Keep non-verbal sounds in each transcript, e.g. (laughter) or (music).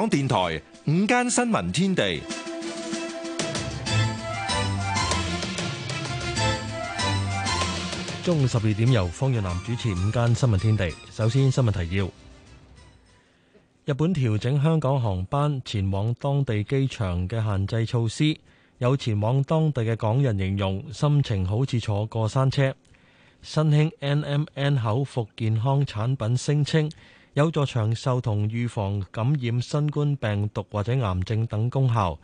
香港電台午間新聞天地，中午十二點由方若南主持午間新聞天地。首先新聞提要：日本調整香港航班前往當地機場嘅限制措施，有前往當地嘅港人形容心情好似坐過山車。新興 NMN 口服健康產品聲稱，有助長壽同預防感染新冠病毒或者癌症等功效。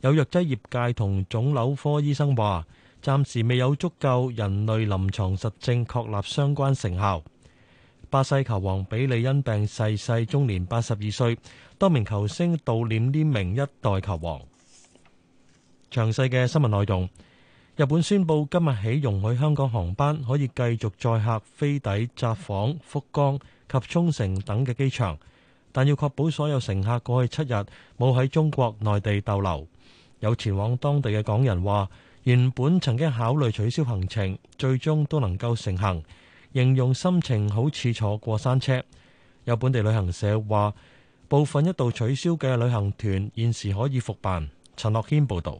有藥劑業界同腫瘤科醫生話，暫時未有足夠人類臨床實證確立相關成效。巴西球王比利因病逝世，終年八十二歲。多名球星悼念呢名一代球王。詳細嘅新聞內容，日本宣布今日起容許香港航班可以繼續載客飛抵札幌、福岡及沖繩等嘅機場，但要確保所有乘客過去七日冇喺中國內地逗留。有前往當地嘅港人話，原本曾經考慮取消行程，最終都能夠成行，形容心情好似坐過山車。有本地旅行社話，部分一度取消嘅旅行團現時可以復辦。陳樂謙報道。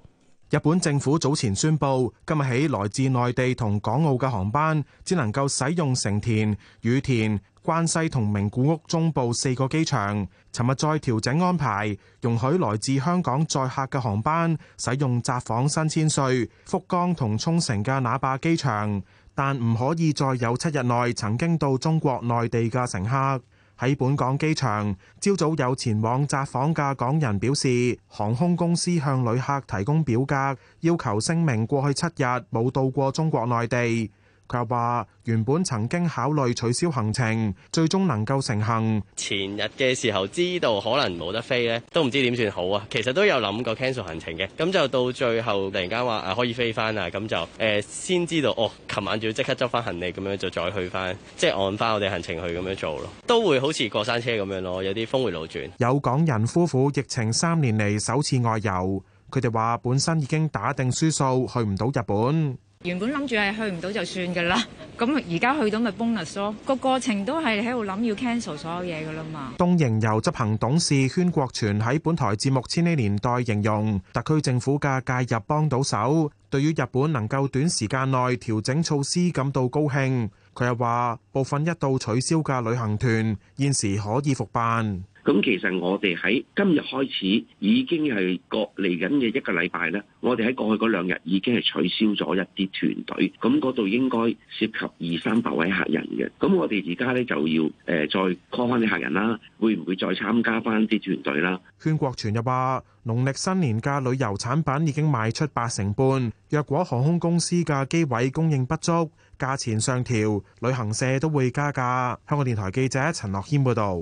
日本政府早前宣佈，今日起來自內地同港澳嘅航班只能夠使用成田、羽田、關西同名古屋中部四個機場。尋日再調整安排，容許來自香港載客嘅航班使用札幌、新千歲、福岡同沖繩嘅那霸機場，但唔可以再有七日內曾經到中國內地嘅乘客。喺本港機場，朝早有前往札幌嘅港人表示，航空公司向旅客提供表格，要求聲明過去七日冇到過中國內地。佢話：原本曾經考慮取消行程，最終能夠成行。前日嘅時候知道可能冇得飛咧，都唔知點算好啊。其實都有諗過 cancel 行程嘅，咁就到最後突然間話誒可以飛翻啊，咁就誒先知道哦。琴晚仲要即刻執翻行李，咁樣就再去翻，即係按翻我哋行程去咁樣做咯。都會好似過山車咁樣咯，有啲峰回路轉。有港人夫婦疫情三年嚟首次外遊，佢哋話本身已經打定輸數，去唔到日本。原本諗住係去唔到就算嘅啦，咁而家去到咪 bonus 咯。個過程都係喺度諗要 cancel 所有嘢嘅啦嘛。東瀛遊執行董事禤國全喺本台節目《千禧年代》形容，特區政府嘅介入幫到手，對於日本能夠短時間內調整措施感到高興。佢又話，部分一度取消嘅旅行團現時可以復辦。咁其實我哋喺今日開始已經係過嚟緊嘅一個禮拜咧，我哋喺過去嗰兩日已經係取消咗一啲團隊，咁嗰度應該涉及二三百位客人嘅。咁我哋而家咧就要誒再 call 翻啲客人啦，會唔會再參加翻啲團隊啦？宣國全又話農曆新年假旅遊產品已經賣出八成半。若果航空公司嘅機位供應不足，價錢上調，旅行社都會加價，香港電台記者陳樂謙報道。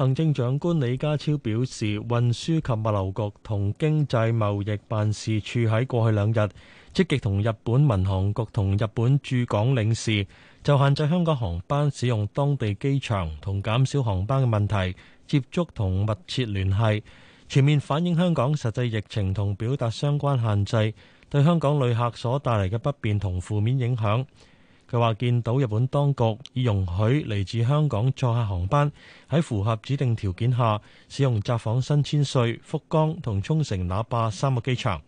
行政長官李家超表示，運輸及物流局同經濟貿易辦事處喺過去兩日積極同日本民航局同日本駐港領事，就限制香港航班使用當地機場同減少航班嘅問題，接觸同密切聯繫，全面反映香港實際疫情同表達相關限制對香港旅客所帶嚟嘅不便同負面影響。佢話：見到日本當局已容許嚟自香港載客航班喺符合指定條件下使用札幌、新千歲、福岡同沖繩那霸三個機場。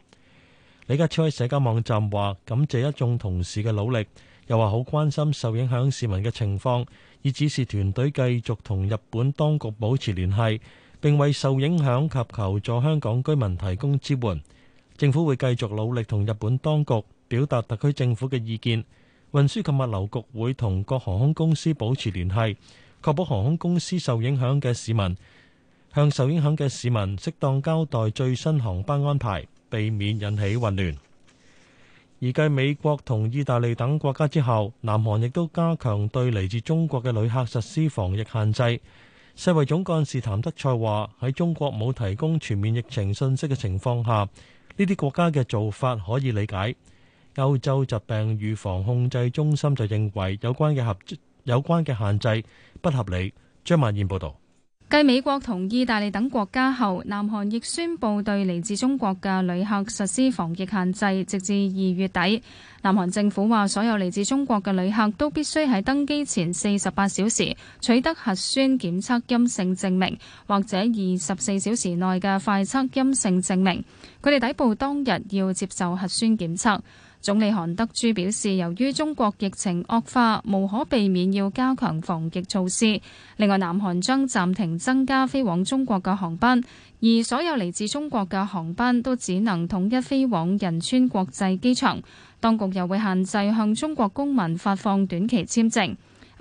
李家超喺社交網站話感謝一眾同事嘅努力，又話好關心受影響市民嘅情況，已指示團隊繼續同日本當局保持聯繫，並為受影響及求助香港居民提供支援。政府會繼續努力同日本當局表達特區政府嘅意見。運輸及物流局會同各航空公司保持聯繫，確保航空公司受影響嘅市民向受影響嘅市民適當交代最新航班安排，避免引起混亂。而繼美國同意大利等國家之後，南韓亦都加強對嚟自中國嘅旅客實施防疫限制。世衛總幹事譚德塞話：喺中國冇提供全面疫情信息嘅情況下，呢啲國家嘅做法可以理解。歐洲疾病預防控制中心就認為有關嘅合有關嘅限制不合理。張曼燕報導，繼美國同意大利等國家後，南韓亦宣佈對嚟自中國嘅旅客實施防疫限制，直至二月底。南韓政府話，所有嚟自中國嘅旅客都必須喺登機前四十八小時取得核酸檢測陰性證明，或者二十四小時內嘅快測陰性證明。佢哋抵埗當日要接受核酸檢測。總理韓德珠表示，由於中國疫情惡化，無可避免要加強防疫措施。另外，南韓將暫停增加飛往中國嘅航班，而所有嚟自中國嘅航班都只能統一飛往仁川國際機場。當局又會限制向中國公民發放短期簽證。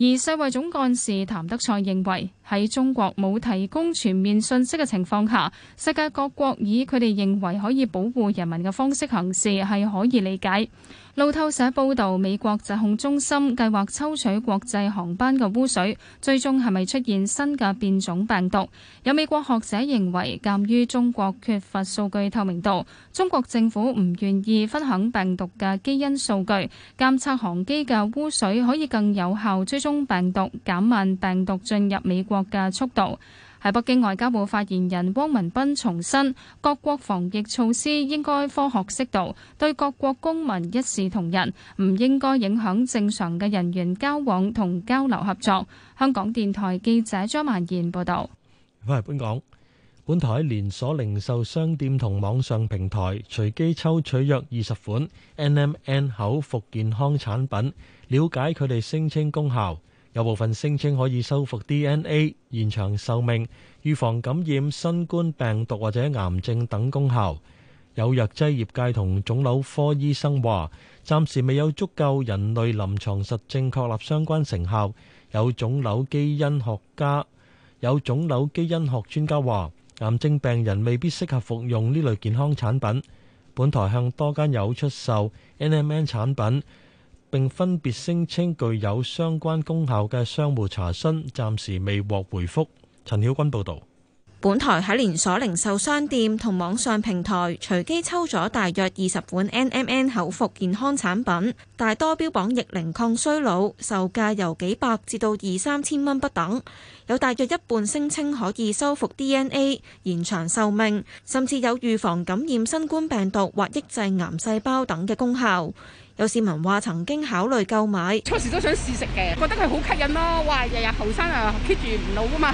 而世衛總幹事譚德塞認為，喺中國冇提供全面信息嘅情況下，世界各國以佢哋認為可以保護人民嘅方式行事係可以理解。路透社報導，美國疾控中心計劃抽取國際航班嘅污水，追蹤係咪出現新嘅變種病毒。有美國學者認為，鑑於中國缺乏數據透明度，中國政府唔願意分享病毒嘅基因數據，監測航機嘅污水可以更有效追蹤病毒，減慢病毒進入美國嘅速度，喺北京外交部發言人汪文斌重申，各國防疫措施應該科學適度，對各國公民一視同仁，唔應該影響正常嘅人員交往同交流合作。香港電台記者張萬賢報道。翻嚟本港，本台喺連鎖零售商店同網上平台隨機抽取約二十款 N M N 口服健康產品，了解佢哋聲稱功效。有部分聲稱可以修復 DNA、延長壽命、預防感染新冠病毒或者癌症等功效。有藥劑業界同腫瘤科醫生話，暫時未有足夠人類臨床實證確立相關成效。有腫瘤基因學家、有腫瘤基因學專家話，癌症病人未必適合服用呢類健康產品。本台向多間有出售 NMN 產品。並分別聲稱具有相關功效嘅商戶查詢，暫時未獲回覆。陳曉君報導。本台喺連鎖零售商店同網上平台隨機抽咗大約二十款 NMN 口服健康產品，大多標榜逆齡抗衰老，售價由幾百至到二三千蚊不等。有大約一半聲稱可以修復 DNA、延長壽命，甚至有預防感染新冠病毒或抑制癌細胞等嘅功效。有市民話曾經考慮購買，初時都想試食嘅，覺得佢好吸引咯。哇，日日後生啊 keep 住唔老㗎嘛，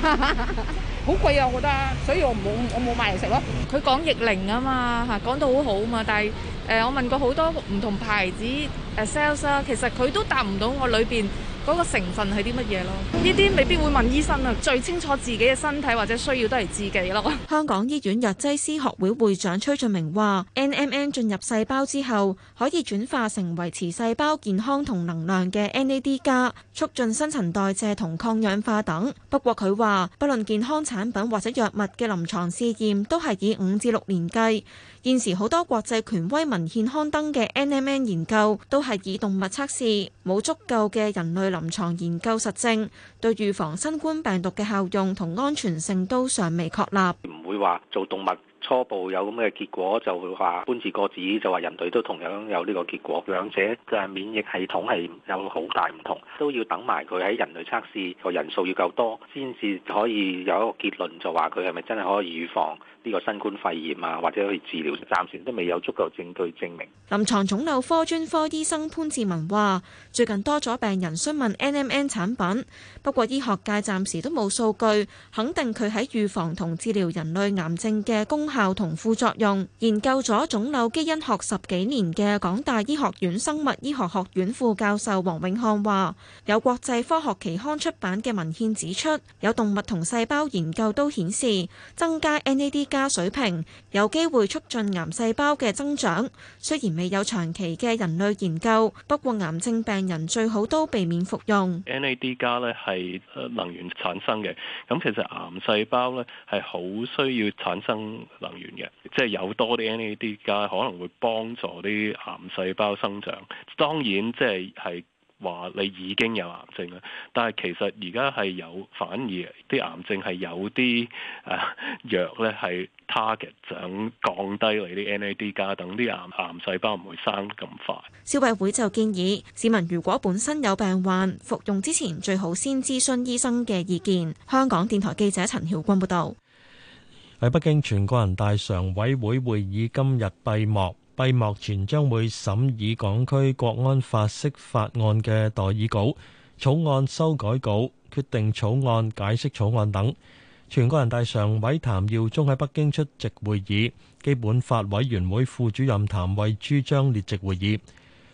好貴啊，我覺得，所以我冇我冇買嚟食咯。佢講逆齡啊嘛，嚇講到好好啊嘛，但係誒、呃、我問過好多唔同牌子誒 sales 啊，其實佢都答唔到我裏邊。嗰個成分係啲乜嘢咯？呢啲未必會問醫生啊，最清楚自己嘅身體或者需要都係自己咯。香港醫院藥劑師學會會長崔俊明話：N M N 進入細胞之後，可以轉化成維持細胞健康同能量嘅 N A D 加，促進新陳代謝同抗氧化等。不過佢話，不論健康產品或者藥物嘅臨床試驗，都係以五至六年計。現時好多國際權威文獻刊登嘅 N M N 研究，都係以動物測試，冇足夠嘅人類臨牀研究實證對預防新冠病毒嘅效用同安全性都尚未確立，唔會話做動物。初步有咁嘅結果就會話潘氏個子,子就話人類都同樣有呢個結果，兩者嘅免疫系統係有好大唔同，都要等埋佢喺人類測試個人數要夠多，先至可以有一個結論，就話佢係咪真係可以預防呢個新冠肺炎啊，或者可以治療。暫時都未有足夠證據證明。臨床腫瘤科專科醫生潘志文話，最近多咗病人詢問 NMN 產品，不過醫學界暫時都冇數據肯定佢喺預防同治療人類癌症嘅功效。效同副作用，研究咗腫瘤基因學十幾年嘅港大醫學院生物醫學學院副教授黃永漢話：有國際科學期刊出版嘅文獻指出，有動物同細胞研究都顯示，增加 NAD 加水平有機會促進癌細胞嘅增長。雖然未有長期嘅人類研究，不過癌症病人最好都避免服用 NAD 加。呢，係能源產生嘅，咁其實癌細胞呢，係好需要產生。能源嘅，即係有多啲 NAD 加可能會幫助啲癌細胞生長。當然，即係係話你已經有癌症啦，但係其實而家係有，反而啲癌症係有啲誒藥咧，係 target 想降低你啲 NAD 加，等啲癌癌細胞唔會生咁快。消委會就建議市民如果本身有病患，服用之前最好先諮詢醫生嘅意見。香港電台記者陳曉君報道。喺北京，全國人大常委會會議今日閉幕。閉幕前將會審議港區國安法釋法案嘅代議稿、草案修改稿、決定草案、解釋草案等。全國人大常委譚耀宗喺北京出席會議。基本法委員會副主任譚惠珠將列席會議。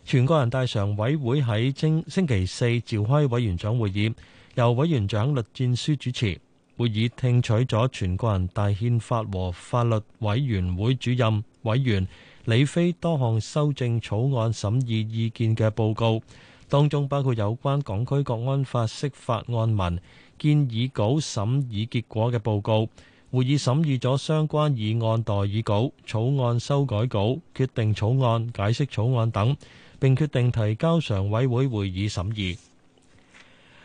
全國人大常委會喺星期四召開委員長會議，由委員長栗戰書主持。會議聽取咗全國人大憲法和法律委員會主任委員李飛多項修正草案審議意見嘅報告，當中包括有關港區國安法釋法案文建議稿審議結果嘅報告。會議審議咗相關議案代議稿、草案修改稿、決定草案、解釋草案等，並決定提交常委會會議審議。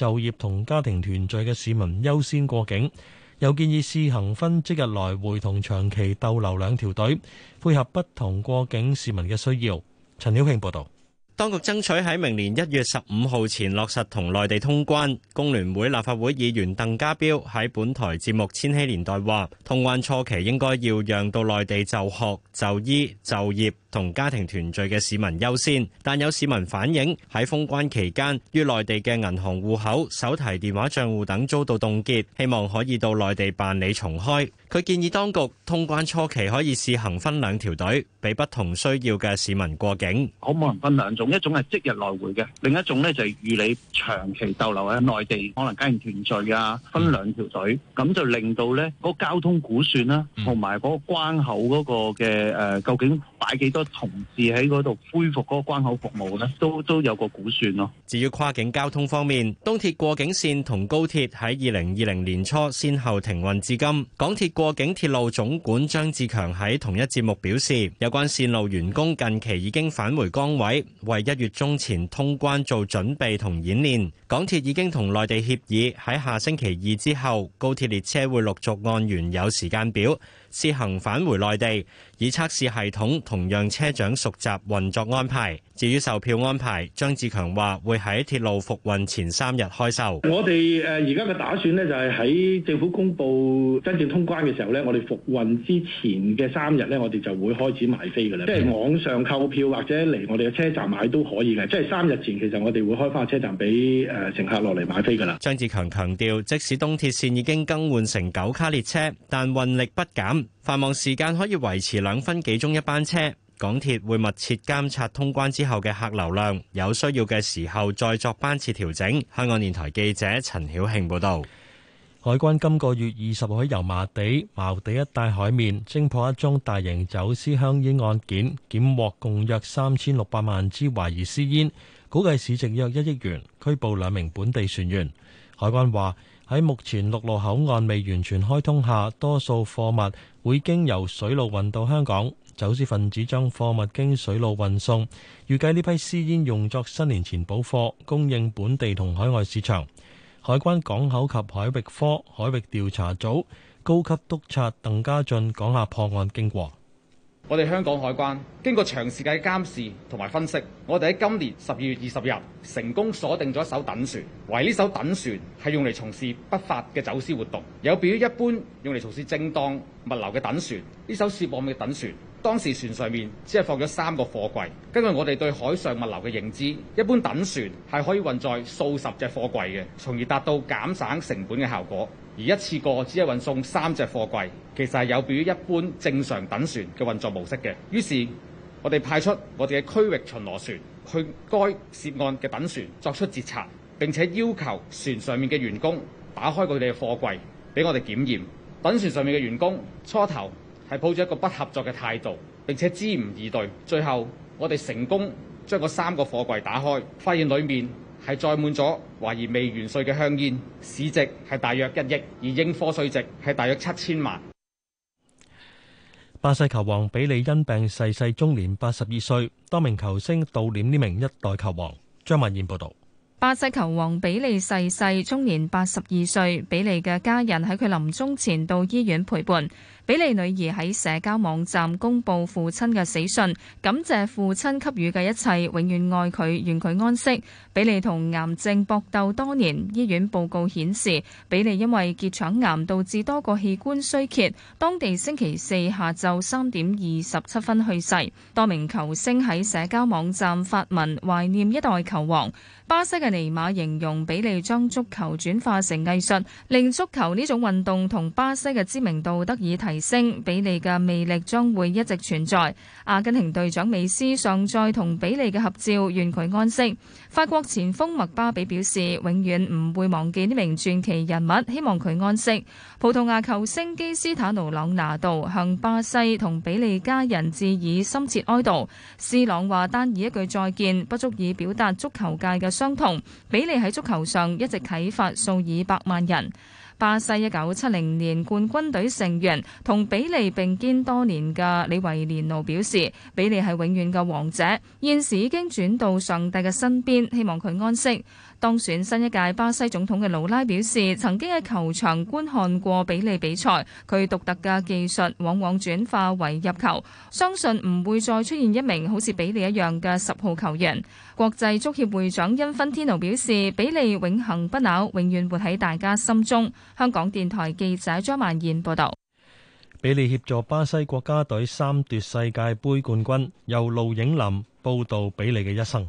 就業同家庭團聚嘅市民優先過境，又建議試行分即日來回同長期逗留兩條隊，配合不同過境市民嘅需要。陳曉慶報道，當局爭取喺明年一月十五號前落實同內地通關。工聯會立法會議員鄧家彪喺本台節目《千禧年代》話，通關初期應該要讓到內地就學、就醫、就業。同家庭團聚嘅市民優先，但有市民反映喺封關期間，於內地嘅銀行戶口、手提電話帳戶等遭到凍結，希望可以到內地辦理重開。佢建議當局通關初期可以試行分兩條隊，俾不同需要嘅市民過境。可唔可能分兩種？一種係即日來回嘅，另一種咧就係預你長期逗留喺內地，可能家庭團聚啊，分兩條隊，咁就令到咧個交通估算啦，同埋嗰個關口嗰個嘅誒，究竟擺幾多？同時喺嗰度恢復嗰個關口服務呢，都都有個估算咯。至於跨境交通方面，東鐵過境線同高鐵喺二零二零年初先後停運至今。港鐵過境鐵路總管張志強喺同一節目表示，有關線路員工近期已經返回崗位，為一月中前通關做準備同演練。港鐵已經同內地協議喺下星期二之後，高鐵列車會陸續按原有時間表試行返回內地，以測試系統，同讓車長熟習運作安排。至於售票安排，張志強話會喺鐵路復運前三日開售。我哋誒而家嘅打算呢，就係喺政府公布真正通關嘅時候呢，我哋復運之前嘅三日呢，我哋就會開始賣飛㗎啦。即係網上購票或者嚟我哋嘅車站買都可以嘅。即係三日前其實我哋會開返車站俾誒乘客落嚟買飛㗎啦。張志強強調，即使東鐵線已經更換成九卡列車，但運力不減。繁忙時間可以維持兩分幾鐘一班車。港鐵會密切監察通關之後嘅客流量，有需要嘅時候再作班次調整。香港電台記者陳曉慶報導。海關今個月二十號喺油麻地、茅地一帶海面偵破一宗大型走私香煙案件，檢獲共約三千六百萬支懷疑私煙，估計市值約一億元，拘捕兩名本地船員。海關話喺目前陸路口岸未完全開通下，多數貨物，會經由水路運到香港，走私分子將貨物經水路運送。預計呢批私煙用作新年前補貨，供應本地同海外市場。海關港口及海域科海域調查組高級督察鄧家俊講下破案經過。我哋香港海關經過長時間嘅監視同埋分析，我哋喺今年十二月二十日成功鎖定咗一艘等船，為呢艘等船係用嚟從事不法嘅走私活動，有別於一般用嚟從事正當物流嘅等船。呢艘涉案嘅等船，當時船上面只係放咗三個貨櫃，根據我哋對海上物流嘅認知，一般等船係可以運載數十隻貨櫃嘅，從而達到減省成本嘅效果。而一次過只係運送三隻貨櫃，其實係有別於一般正常等船嘅運作模式嘅。於是，我哋派出我哋嘅區域巡邏船去該涉案嘅等船作出截查，並且要求船上面嘅員工打開佢哋嘅貨櫃俾我哋檢驗。等船上面嘅員工初頭係抱住一個不合作嘅態度，並且支吾以對。最後，我哋成功將嗰三個貨櫃打開，發現裡面，係載滿咗懷疑未完稅嘅香煙，市值係大約一億，而應課稅值係大約七千萬。巴西球王比利因病逝世，世，終年八十二歲。多名球星悼念呢名一代球王。張曼燕報導。巴西球王比利逝世，世，終年八十二歲。比利嘅家人喺佢臨終前到醫院陪伴。比利女兒喺社交網站公布父親嘅死訊，感謝父親給予嘅一切，永遠愛佢，願佢安息。比利同癌症搏鬥多年，醫院報告顯示比利因為結腸癌導致多個器官衰竭，當地星期四下晝三點二十七分去世。多名球星喺社交網站發文懷念一代球王。巴西嘅尼馬形容比利將足球轉化成藝術，令足球呢種運動同巴西嘅知名度得以提升。比利嘅魅力將會一直存在。阿根廷隊長美斯上載同比利嘅合照，願佢安息。法國前鋒麥巴比表示，永遠唔會忘記呢名傳奇人物，希望佢安息。葡萄牙球星基斯坦奴朗拿度向巴西同比利家人致以深切哀悼。C 朗話：單以一句再見，不足以表達足球界嘅傷痛。比利喺足球上一直啟發數以百萬人。巴西一九七零年冠軍隊成員同比利並肩多年嘅李維連奴表示：比利係永遠嘅王者，現時已經轉到上帝嘅身邊，希望佢安息。當選新一屆巴西總統嘅盧拉表示，曾經喺球場觀看過比利比賽，佢獨特嘅技術往往轉化為入球，相信唔會再出現一名好似比利一樣嘅十號球員。國際足協會長恩芬天奴表示，比利永恆不朽，永遠活喺大家心中。香港電台記者張萬燕報道。比利協助巴西國家隊三奪世界杯冠軍，由盧影林報道比利嘅一生。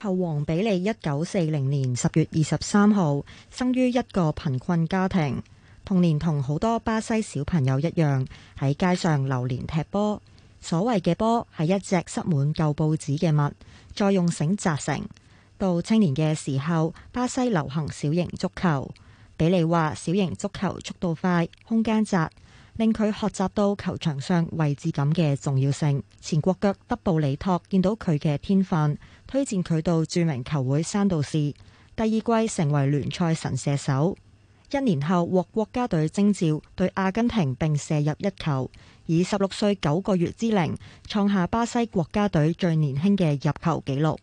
球王比利一九四零年十月二十三號生於一個貧困家庭。童年同好多巴西小朋友一樣喺街上流連踢波，所謂嘅波係一隻塞滿舊報紙嘅襪，再用繩紮成。到青年嘅時候，巴西流行小型足球。比利話小型足球速度快，空間窄，令佢學習到球場上位置感嘅重要性。前國腳德布里托見到佢嘅天分。推薦佢到著名球會山度士，第二季成為聯賽神射手，一年後獲國家隊徵召，對阿根廷並射入一球，以十六歲九個月之齡創下巴西國家隊最年輕嘅入球紀錄。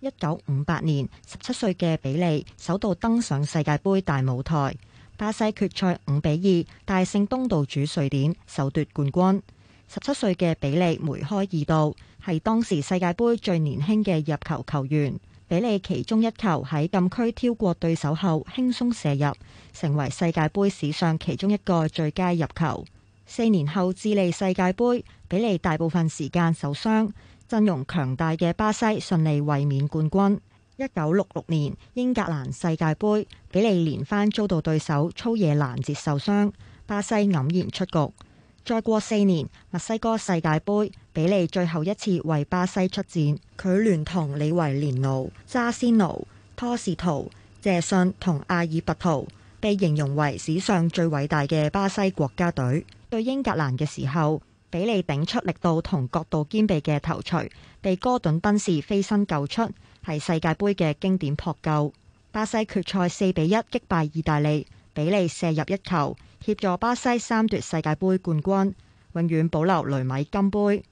一九五八年，十七歲嘅比利首度登上世界杯大舞台，巴西決賽五比二大勝東道主瑞典，首奪冠軍。十七歲嘅比利梅開二度。係當時世界杯最年輕嘅入球球員，比利其中一球喺禁區挑過對手後輕鬆射入，成為世界杯史上其中一個最佳入球。四年後智利世界杯，比利大部分時間受傷，陣容強大嘅巴西順利衛冕冠軍。一九六六年英格蘭世界杯，比利連番遭到對手粗野攔截受傷，巴西黯然出局。再過四年，墨西哥世界杯，比利最後一次為巴西出戰。佢聯同李維連奴、扎仙奴、托士圖、謝遜同阿爾伯圖，被形容為史上最偉大嘅巴西國家隊。對英格蘭嘅時候，比利頂出力度同角度兼備嘅頭錘，被哥頓賓士飛身救出，係世界杯嘅經典撲救。巴西決賽四比一擊敗意大利，比利射入一球。協助巴西三奪世界杯冠軍，永遠保留雷米金杯。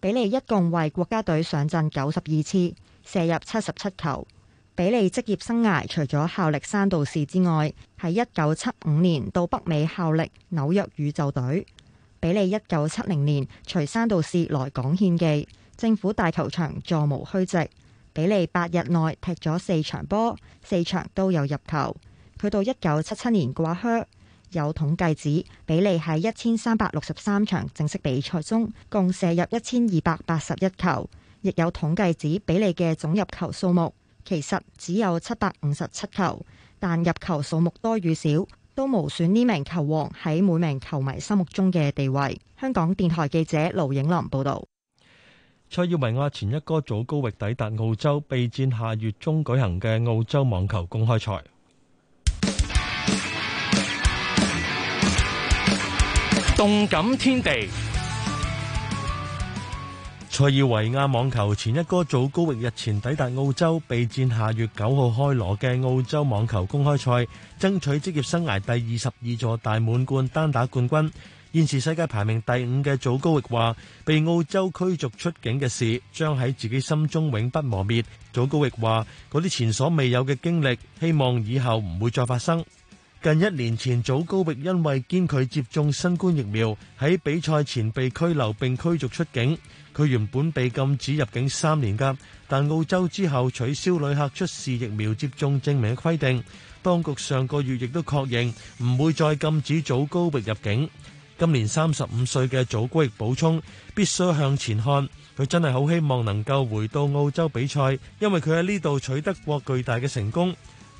比利一共為國家隊上陣九十二次，射入七十七球。比利職業生涯除咗效力山道士之外,喺一九七五年到北美效力紐約宇宙隊。比利一九七零年隨山道士來港獻技，政府大球場座無虛席。比利八日內踢咗四場波，四場都有入球。佢到一九七七年掛靴。有統計指比利喺一千三百六十三場正式比賽中，共射入一千二百八十一球；亦有統計指比利嘅總入球數目其實只有七百五十七球，但入球數目多與少都無損呢名球王喺每名球迷心目中嘅地位。香港電台記者盧影林報導。塞爾維亞前一哥早高域抵達澳洲，備戰下月中舉行嘅澳洲網球公開賽。動感天地。塞爾維亞網球前一哥祖高域日前抵達澳洲，備戰下月九號開鑼嘅澳洲網球公開賽，爭取職業生涯第二十二座大滿貫單打冠軍。現時世界排名第五嘅祖高域話，被澳洲驅逐出境嘅事，將喺自己心中永不磨滅。祖高域話，嗰啲前所未有嘅經歷，希望以後唔會再發生。近一年前，祖高域因為堅拒接種新冠疫苗，喺比賽前被拘留並驅逐出境。佢原本被禁止入境三年噶，但澳洲之後取消旅客出示疫苗接種證明規定。當局上個月亦都確認唔會再禁止祖高域入境。今年三十五歲嘅祖高域補充必須向前看，佢真係好希望能夠回到澳洲比賽，因為佢喺呢度取得過巨大嘅成功。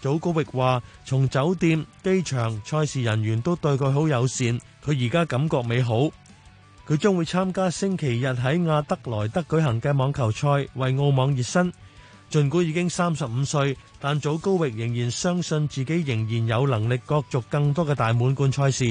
祖高域話：從酒店、機場、賽事人員都對佢好友善，佢而家感覺美好。佢將會參加星期日喺亞德萊德舉行嘅網球賽，為澳網熱身。盡管已經三十五歲，但祖高域仍然相信自己仍然有能力角逐更多嘅大滿貫賽事。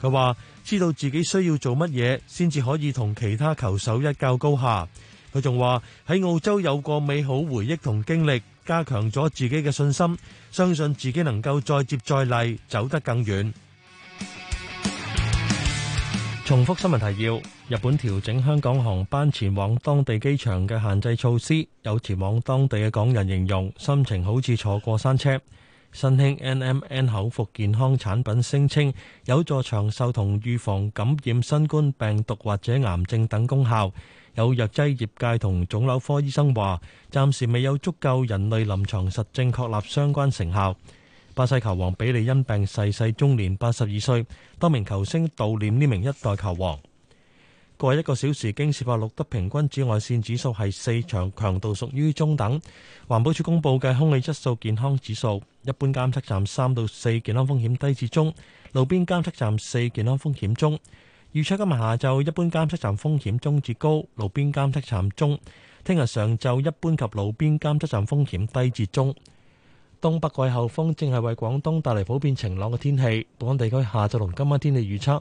佢話知道自己需要做乜嘢，先至可以同其他球手一較高下。佢仲話喺澳洲有個美好回憶同經歷加強咗自己嘅信心，相信自己能夠再接再厲，走得更遠。重複新聞提要：日本調整香港航班前往當地機場嘅限制措施。有前往當地嘅港人形容心情好似坐過山車。新興 N-M-N 口服健康產品聲稱，有助長壽同預防感染新冠病毒或者癌症等功效。有藥劑業界同腫瘤科醫生話，暫時未有足夠人類臨牀實證確立相關成效。巴西球王比利因病逝世，世中，終年八十二歲，多名球星悼念呢名一代球王。過一個小時，經視察錄得平均紫外線指數係四強，強度屬於中等。環保署公布嘅空氣質素健康指數，一般監測站三到四，健康風險低至中；路邊監測站四，健康風險中。預測今日下晝一般監測站風險中至高，路邊監測站中。聽日上晝一般及路邊監測站風險低至中。東北季候風正係為廣東帶嚟普遍晴朗嘅天氣。本港地區下晝同今晚天氣預測。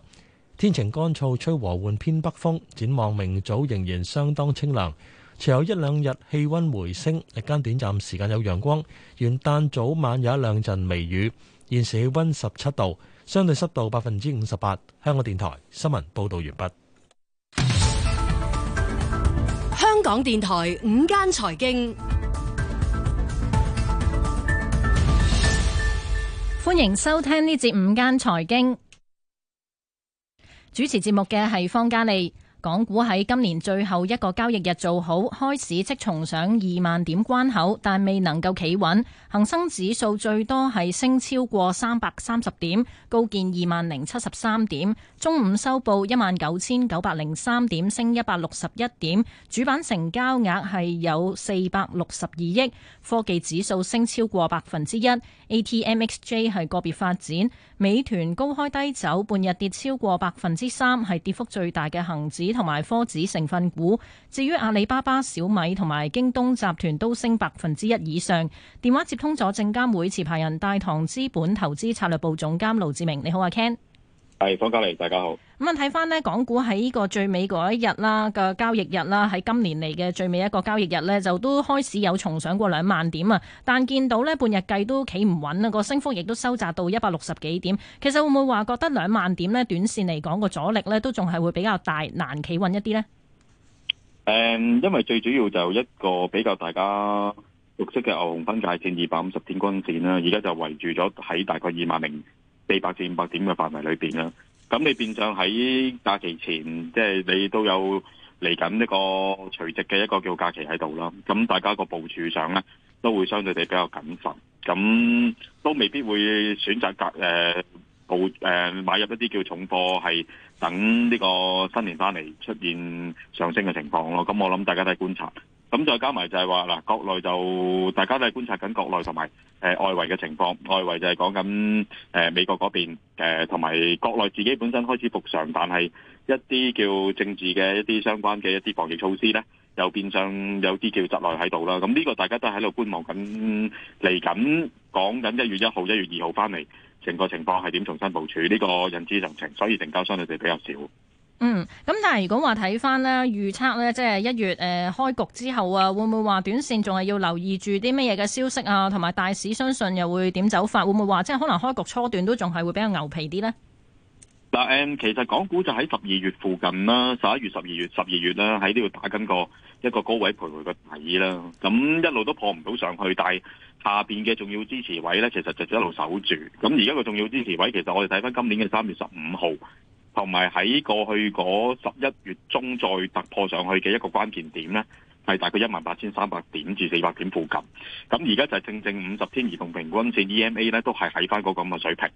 天晴乾燥，吹和緩偏北風。展望明早仍然相當清涼，遲後有一兩日氣温回升，日間短暫時間有陽光。元旦早晚有一兩陣微雨。現時氣温十七度，相對濕度百分之五十八。香港電台新聞報導完畢。香港電台午間財經，歡迎收聽呢節午間財經。主持節目嘅係方嘉利。港股喺今年最後一個交易日做好，開市即重上二萬點關口，但未能夠企穩。恒生指數最多係升超過三百三十點，高見二萬零七十三點。中午收報一萬九千九百零三點，升一百六十一點。主板成交額係有四百六十二億。科技指數升超過百分之一。A T M X J 係個別發展，美團高開低走，半日跌超過百分之三，係跌幅最大嘅恒指同埋科指成分股。至於阿里巴巴、小米同埋京東集團都升百分之一以上。電話接通咗證監會持牌人大唐資本投資策略部總監盧志明，你好阿 Ken。係方嘉麗，大家好。咁啊，睇翻呢港股喺呢個最尾嗰一日啦，個交易日啦，喺今年嚟嘅最尾一個交易日呢，就都開始有重上過兩萬點啊。但見到呢半日計都企唔穩啊，個升幅亦都收窄到一百六十幾點。其實會唔會話覺得兩萬點呢？短線嚟講個阻力呢都仲係會比較大，難企穩一啲呢？誒，因為最主要就一個比較大家熟悉嘅牛熊分界線二百五十天均線啦，而家就圍住咗喺大概二萬零，四百至五百點嘅範圍裏邊啦，咁你變相喺假期前，即係你都有嚟緊呢個除夕嘅一個叫假期喺度啦，咁大家個部署上咧都會相對地比較謹慎，咁都未必會選擇隔誒佈誒買入一啲叫重貨，係等呢個新年翻嚟出現上升嘅情況咯，咁我諗大家都係觀察。咁再加埋就係話嗱，國內就大家都係觀察緊國內同埋誒外圍嘅情況，外圍就係講緊誒美國嗰邊同埋、呃、國內自己本身開始復常，但係一啲叫政治嘅一啲相關嘅一啲防疫措施咧，又變相有啲叫窒礙喺度啦。咁呢個大家都喺度觀望緊，嚟緊講緊一月一號、一月二號翻嚟，成個情況係點重新部署呢，呢個人之常情，所以成交商佢哋比較少。嗯，咁但係如果話睇翻咧，預測咧，即係一月誒、呃、開局之後啊，會唔會話短線仲係要留意住啲乜嘢嘅消息啊？同埋大市相信又會點走法？會唔會話即係可能開局初段都仲係會比較牛皮啲呢？嗱，誒，其實港股就喺十二月附近啦，十一月、十二月、十二月啦，喺呢度打緊個一個高位徘徊個底啦。咁一路都破唔到上去，但係下邊嘅重要支持位咧，其實就一路守住。咁而家個重要支持位，其實我哋睇翻今年嘅三月十五號。同埋喺過去嗰十一月中再突破上去嘅一個關鍵點呢，係大概一萬八千三百點至四百點附近。咁而家就係正正五十天移動平均線 EMA 呢，都係喺翻嗰個咁嘅水平。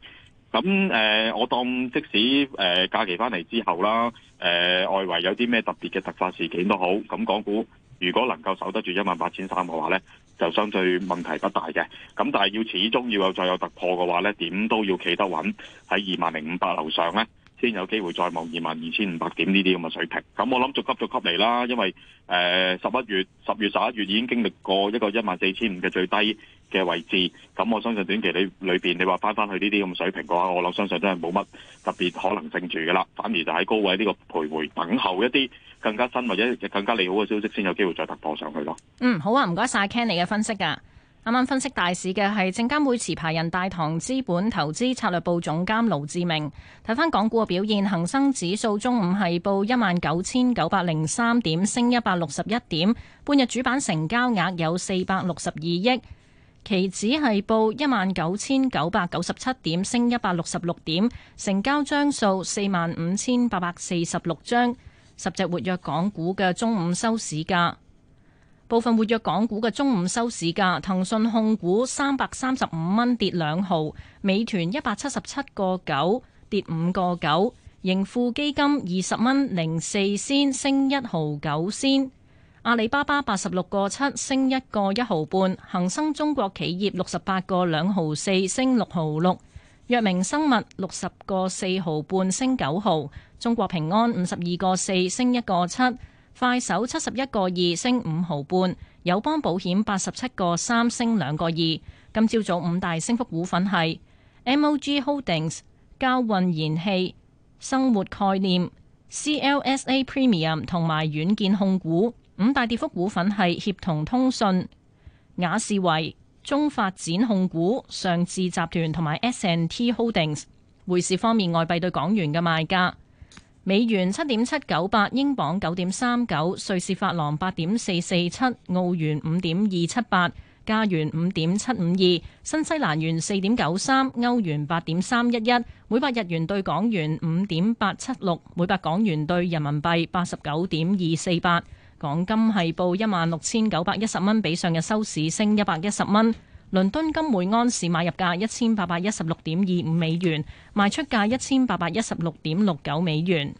咁誒、呃，我當即使誒、呃、假期翻嚟之後啦，誒外圍有啲咩特別嘅突發事件都好，咁港股如果能夠守得住一萬八千三嘅話呢，就相對問題不大嘅。咁但係要始終要有再有突破嘅話呢，點都要企得穩喺二萬零五百樓上呢，先有機會再望二萬二千五百點呢啲咁嘅水平，咁我諗續急續急嚟啦，因為誒十一月十月十一月已經經歷過一個一萬四千五嘅最低嘅位置，咁我相信短期裏裡面你裏邊你話返返去呢啲咁嘅水平嘅話，我諗相信都係冇乜特別可能性住噶啦，反而就喺高位呢個徘徊等候一啲更加新或者更加利好嘅消息，先有機會再突破上去咯。嗯，好啊，唔該晒 Ken 你嘅分析㗎、啊。啱啱分析大市嘅係證監會持牌人大唐資本投資策略部總監盧志明。睇翻港股嘅表現，恒生指數中午係報一萬九千九百零三點，升一百六十一點。半日主板成交額有四百六十二億，期指係報一萬九千九百九十七點，升一百六十六點，成交張數四萬五千八百四十六張，十隻活躍港股嘅中午收市價。部分活躍港股嘅中午收市價，騰訊控股三百三十五蚊跌兩毫，美團一百七十七個九跌五個九，盈富基金二十蚊零四先升一毫九先，阿里巴巴八十六個七升一個一毫半，恒生中國企業六十八個兩毫四升六毫六，藥明生物六十個四毫半升九毫，中國平安五十二個四升一個七。快手七十一個二升五毫半，友邦保險八十七個三升兩個二。今朝早五大升幅股份係 M O G Holdings、交運燃氣、生活概念、C L S A Premium 同埋軟件控股。五大跌幅股份係協同通信、雅士維、中發展控股、上智集團同埋 S N T Holdings。匯市方面，外幣對港元嘅賣價。美元七點七九八，英鎊九點三九，瑞士法郎八點四四七，澳元五點二七八，加元五點七五二，新西蘭元四點九三，歐元八點三一一，每百日元兌港元五點八七六，每百港元兌人民幣八十九點二四八，港金係報一萬六千九百一十蚊，比上日收市升一百一十蚊。倫敦金每安士買入價一千八百一十六點二五美元，賣出價一千八百一十六點六九美元。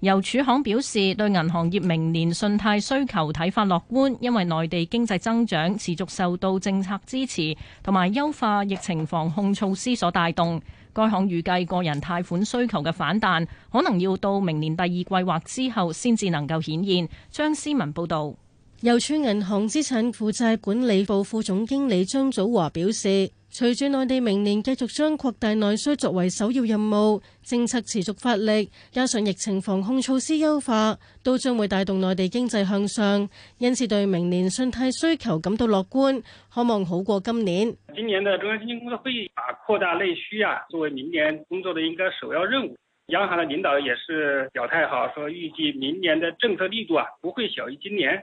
郵儲行表示對銀行業明年信貸需求睇法樂觀，因為內地經濟增長持續受到政策支持同埋優化疫情防控措施所帶動。該行預計個人貸款需求嘅反彈可能要到明年第二季或之後先至能夠顯現。張思文報道。郵儲銀行資產負債管理部副總經理張祖華表示，隨住內地明年繼續將擴大內需作為首要任務，政策持續發力，加上疫情防控措施優化，都將會帶動內地經濟向上，因此對明年信貸需求感到樂觀，可望好過今年。今年的中央經濟工作會議把擴大內需啊作為明年工作的一個首要任務，央行的領導也是表態好，說預計明年的政策力度啊不會小於今年。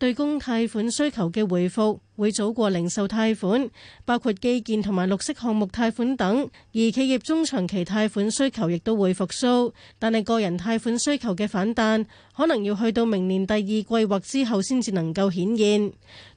對公貸款需求嘅回復會早過零售貸款，包括基建同埋綠色項目貸款等。而企業中長期貸款需求亦都會復蘇，但係個人貸款需求嘅反彈可能要去到明年第二季或之後先至能夠顯現。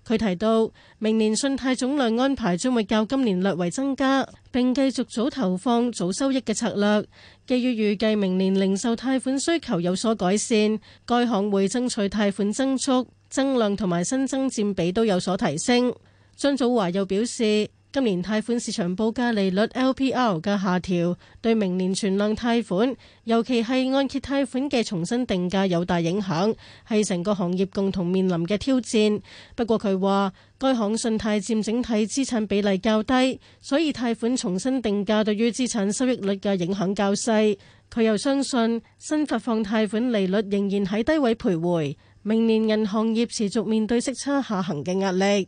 佢提到，明年信貸總量安排將會較今年略為增加，並繼續早投放、早收益嘅策略。基於預計明年零售貸款需求有所改善，該行會爭取貸款增速。增量同埋新增佔比都有所提升。張祖華又表示，今年貸款市場報價利率 LPR 嘅下調，對明年存量貸款，尤其係按揭貸款嘅重新定價有大影響，係成個行業共同面臨嘅挑戰。不過佢話，該行信貸佔整體資產比例較低，所以貸款重新定價對於資產收益率嘅影響較細。佢又相信，新發放貸款利率仍然喺低位徘徊。明年銀行業持續面對息差下行嘅壓力。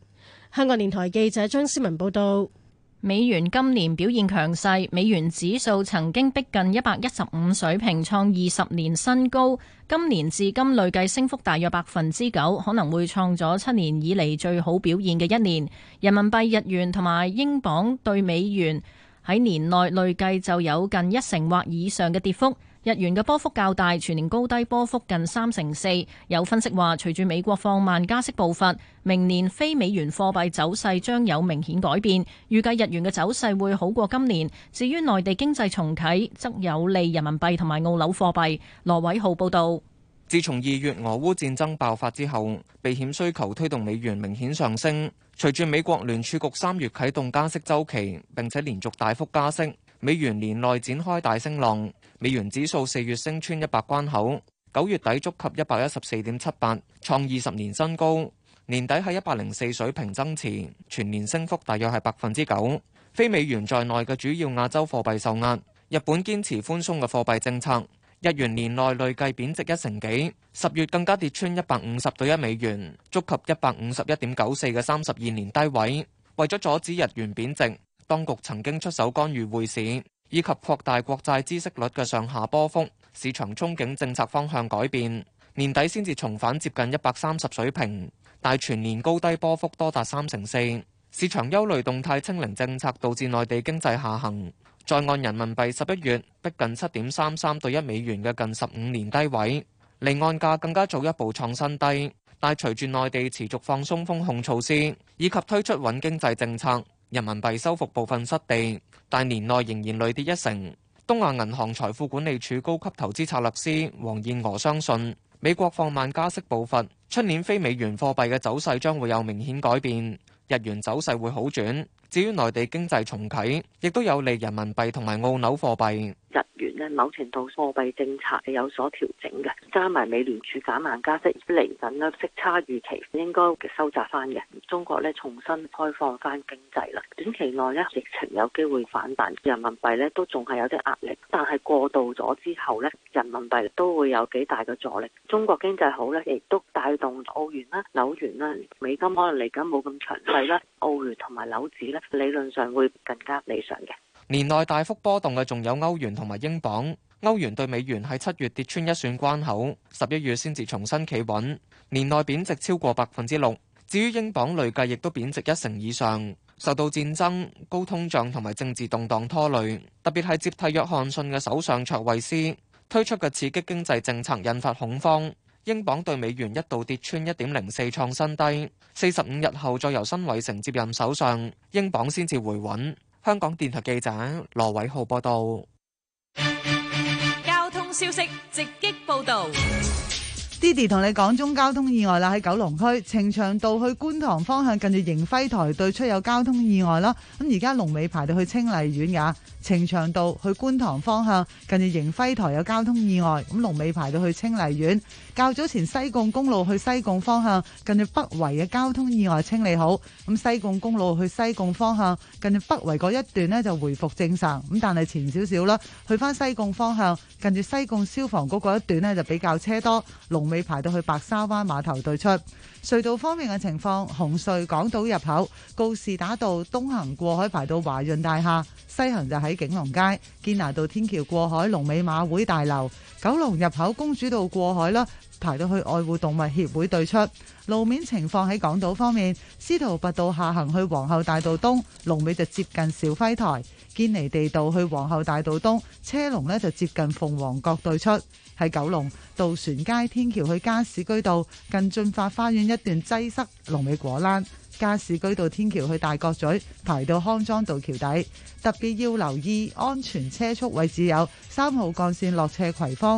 香港電台記者張思文報道，美元今年表現強勢，美元指數曾經逼近一百一十五水平，創二十年新高。今年至今累計升幅大約百分之九，可能會創咗七年以嚟最好表現嘅一年。人民幣、日元同埋英鎊兌美元喺年內累計就有近一成或以上嘅跌幅。日元嘅波幅較大，全年高低波幅近三成四。有分析話，隨住美國放慢加息步伐，明年非美元貨幣走勢將有明顯改變。預計日元嘅走勢會好過今年。至於內地經濟重啟，則有利人民幣同埋澳紐貨幣。羅偉浩報導。自從二月俄烏戰爭爆發之後，避險需求推動美元明顯上升。隨住美國聯儲局三月啟動加息週期，並且連續大幅加息，美元年內展開大升浪。美元指數四月升穿一百關口，九月底觸及一百一十四點七八，創二十年新高。年底喺一百零四水平增持，全年升幅大約係百分之九。非美元在內嘅主要亞洲貨幣受壓，日本堅持寬鬆嘅貨幣政策，日元年內累計貶值一成幾。十月更加跌穿一百五十對一美元，觸及一百五十一點九四嘅三十二年低位。為咗阻止日元貶值，當局曾經出手干預匯市。以及擴大國債孳息率嘅上下波幅，市場憧憬政策方向改變，年底先至重返接近一百三十水平，但全年高低波幅多達三成四。市場憂慮動態清零政策導致內地經濟下行，在岸人民幣十一月逼近七點三三對一美元嘅近十五年低位，離岸價更加早一步創新低，但隨住內地持續放鬆封控措施以及推出穩經濟政策。人民幣收復部分失地，但年內仍然累跌一成。東亞銀行財富管理處高級投資策略師黃燕娥相信，美國放慢加息步伐，出年非美元貨幣嘅走勢將會有明顯改變，日元走勢會好轉。至於內地經濟重啟，亦都有利人民幣同埋澳紐貨幣。日元咧某程度貨幣政策係有所調整嘅，加埋美聯儲減慢加息，嚟緊咧息差預期應該收窄翻嘅。中國咧重新開放翻經濟啦，短期內咧疫情有機會反彈，人民幣咧都仲係有啲壓力，但係過渡咗之後咧，人民幣都會有幾大嘅助力。中國經濟好咧，亦都帶動澳元啦、紐元啦、美金可能嚟緊冇咁強勢啦， (laughs) 澳元同埋紐紙。理論上會更加理想嘅。年內大幅波動嘅，仲有歐元同埋英鎊。歐元對美元喺七月跌穿一算關口，十一月先至重新企穩。年內貶值超過百分之六。至於英鎊，累計亦都貶值一成以上，受到戰爭、高通脹同埋政治動盪拖累。特別係接替約翰遜嘅首相卓慧思推出嘅刺激經濟政策，引發恐慌。英鎊對美元一度跌穿1.04創新低，四十五日後再由辛偉誠接任首相，英鎊先至回穩。香港電台記者羅偉浩報道。交通消息直擊報道。Cindy 同你講中交通意外啦，喺九龍區呈祥道去觀塘方向近住盈輝台對出有交通意外啦。咁而家龍尾排到去清麗苑呀。呈祥道去觀塘方向近住盈輝台有交通意外，咁龍尾排到去清麗苑。較早前西貢公路去西貢方向近住北圍嘅交通意外清理好，咁西貢公路去西貢方向近住北圍嗰一段呢就回復正常。咁但係前少少啦，去翻西貢方向近住西貢消防局嗰一段呢就比較車多，龍尾，你排到去白沙灣碼頭對出。隧道方面嘅情況，紅隧港島入口告士打道東行過海排到華潤大廈，西行就喺景隆街堅拿道天橋過海，龍尾馬會大樓。九龍入口公主道過海啦，排到去愛護動物協會對出。路面情況喺港島方面，司徒拔道下行去皇后大道東龍尾就接近小輝台，堅尼地道去皇后大道東車龍呢就接近鳳凰閣對出。喺九龍渡船街天橋去加士居道近駿發花園一段擠塞龍尾果欄，加士居道天橋去大角咀排到康莊道橋底，特別要留意安全車速位置有三號幹線落斜葵芳。